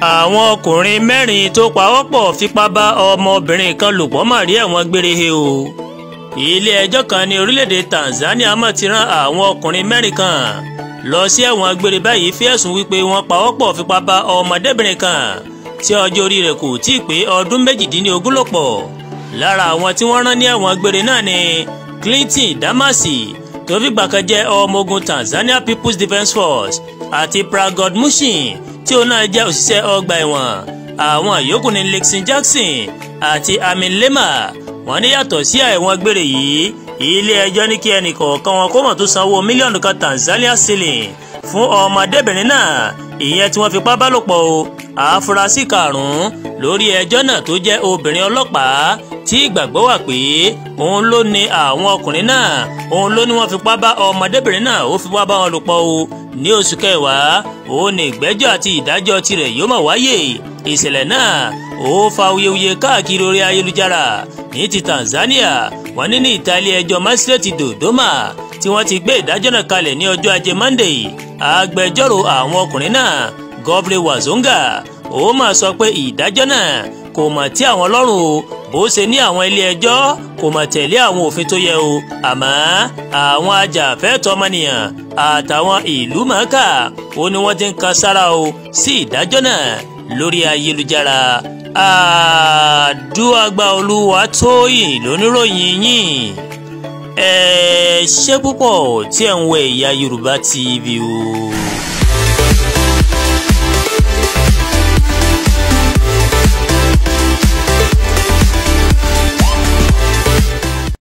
àwọn ọkùnrin mẹ́rin tó pawọ́pọ̀ fipá bá ọmọbìnrin kan lò pọ̀ mà rí ẹ̀wọ̀n gbére he o ilé ẹjọ́ kan ní orílẹ̀-èdè Tanzania mọ̀ ti rán àwọn ọkùnrin mẹ́rin kan lọ sí ẹ̀wọ̀n gbére báyìí fi ẹ̀sùn wípé wọ́n pawọ́pọ̀ fipá bá ọmọdébìnrin kan tí ọjọ́ orí rẹ̀ kò tíì pé ọdún méjìdínlógún lò pọ̀ lára àwọn tí wọ́n rán ní ẹ̀wọ̀n gbére náà ni Clinton Damasi tó fìgbà kan jẹ́ ọmọ ogun Tanzania People's Defence Force àti Pragod Mushin tí òun náà jẹ́ òṣìṣẹ́ ọgbà ẹ̀wọ̀n àwọn yòókù ní Lixin Jackson àti Amin Lema wọ́n ní yàtọ̀ sí ẹ̀wọ̀n gbére yìí ilé ẹjọ́ ní kí ẹnì kọ̀ọ̀kan wọn kó mọ̀ tó sanwó mílíọ̀nù kan Tanzania shilling fún ọmọdébìnrin náà ìyẹn tí wọ́n fipá bá lò pọ̀ o àfúrásì karùn-ún lórí ẹjọ́ náà tó jẹ́ obìnrin ọlọ́pàá tí ìgbàgbọ́ wà pé òun ló ní àwọn ọkùnrin náà òun ló ní wọ́n fipá bá ọmọdébìnrin náà ó fipá bá wọn lò pọ̀ o ní oṣù kẹwàá òun ní ìgbẹ́jọ́ àti ìdájọ́ tirẹ̀ yóò máa wáyé ìṣẹ̀lẹ̀ náà ó fa awuyewuye káàkiri orí ayélujára ní ti Tanzania wọ́n ní ní ìtàlẹ́ ẹjọ́ masireti dodoma tí wọ́n ti gbé ìdájọ́ náà kalẹ̀ ní ọjọ́ ajé monday agbẹjọ́rò àwọn ọkùnrin náà Godfrey Wazonga ó máa sọ pé ìdájọ́ náà kò mọ̀ tí àwọn lọ́rùn o bó ṣe ní àwọn ilé ẹjọ́ kò mọ̀ tẹ̀lé àwọn òfin tó yẹ o àmọ́ àwọn ajàfẹ́tọ̀ ọmọnìyàn àtàwọn ìlú mọ̀ọ́kà ó ní wọ́n ti ń kan sára o sí ìdájọ́ náà lórí ayélujára àdúràgbà olúwa tóyìn lóníròyìn yìí ẹ ṣé púpọ̀ tí ẹ̀ ń wo Ẹ̀yà Yorùbá TV o.